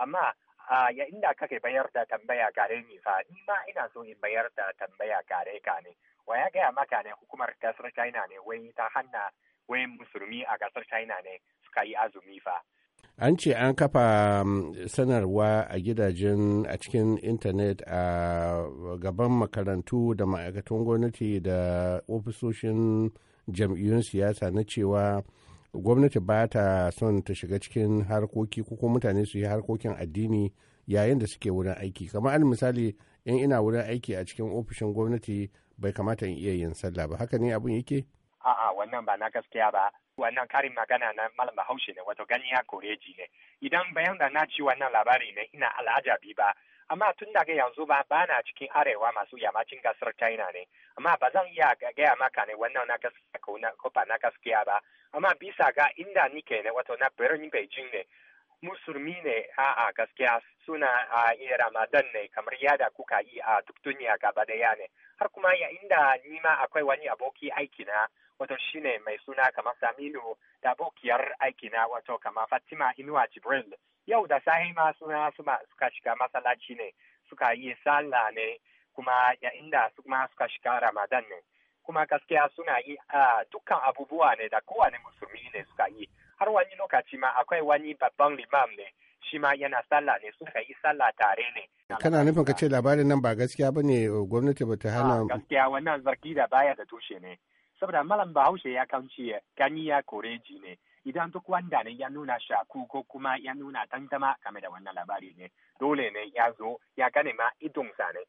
amma a yayin da kake bayar da tambaya gare ni fa ni ma ina so in bayar da tambaya gare ka ne wa ya gaya maka ne hukumar kasar china ne wai ta hanna wai musulmi a kasar china ne suka yi azumi fa an ce an kafa um, sanarwa a gidajen a cikin intanet a gaban makarantu da ma'aikatan gwamnati da ofisoshin jam'iyyun siyasa na cewa gwamnati ba ta son ta shiga cikin harkoki ko mutane su yi harkokin addini yayin da suke wurin aiki kamar al misali in ina wurin aiki a cikin ofishin gwamnati bai kamata in iya yin sallah ba haka ne abin yake a'a wannan ba na gaskiya ba wannan karin magana na malam bahaushe ne wato gani koreji ne idan bayan da na ci wannan labari ne ina al'ajabi ba amma tun daga yanzu ba bana cikin arewa masu yammacin gasar china ne amma ba zan iya gaya maka ne wannan na gaskiya ko na ko ba na gaskiya ba amma bisa ga inda nike ne wato na birnin beijing ne musulmi ne a a gaskiya suna a ramadan ne kamar yada kuka yi a duk duniya gaba daya ne har kuma ya inda nima akwai wani aboki aiki na wato shine mai suna kamar saminu da abokiyar aiki na wato kamar fatima inuwa jibril yau da sahi suna suka shiga masallaci ne suka yi sallah ne kuma inda ma suka shiga ramadan ne kuma gaskiya suna yi a dukkan abubuwa ne da kowane musulmi ne suka yi har wani lokaci ma akwai wani babban limam ne shi ma yana sallah ne suka yi sallah tare ne kana nufin ka ce labarin nan ba gaskiya ba ne gwamnati ba ta hana gaskiya wannan zargi da baya da tushe ne saboda malam bahaushe ya kanci gani ya koreji ne idan duk wanda ne ya nuna shaku ko kuma ya nuna tantama game da wannan labari ne dole ne ya zo ya gane ma idonsa ne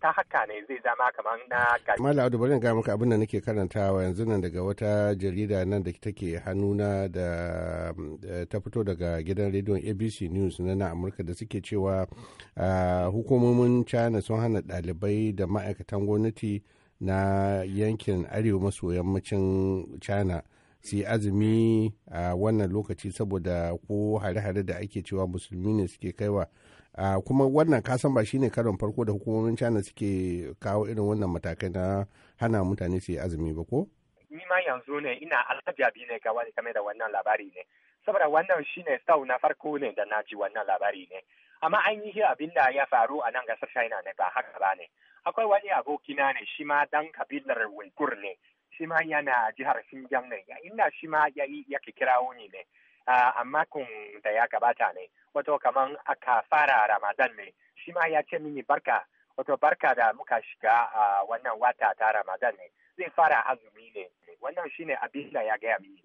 ta haka ne zai zama kamar na gari. Mala Audu bari ga maka abin da nake karantawa yanzu nan daga wata jarida nan da take hannuna da ta fito daga gidan rediyon ABC News na na Amurka da suke cewa hukumomin China sun hana ɗalibai da ma'aikatan gwamnati na yankin arewa maso yammacin China. su yi azumi a wannan lokaci saboda ko hare-hare da ake cewa musulmi ne suke kaiwa kuma wannan kasan ba shine karon farko da hukumomin china suke kawo irin wannan matakai na hana mutane su yi azumi ba ko ni ma yanzu ne ina alhajabi ne ga wani kame da wannan labari ne saboda wannan shine sau na farko ne da na ji wannan labari ne amma ainihin abin da ya faru a nan gasar china ne ba haka ba ne akwai wani abokina ne shi ma dan kabilar wigur ne shi yana jihar Xinjiang ne inda shi ma yake kirawo ne ne a makon da ya gabata ne wato kaman aka fara Ramadan ne shi ya ce mini barka wato barka da muka shiga a wannan wata ta Ramadan ne zai fara azumi ne wannan shine abin da ya gaya mini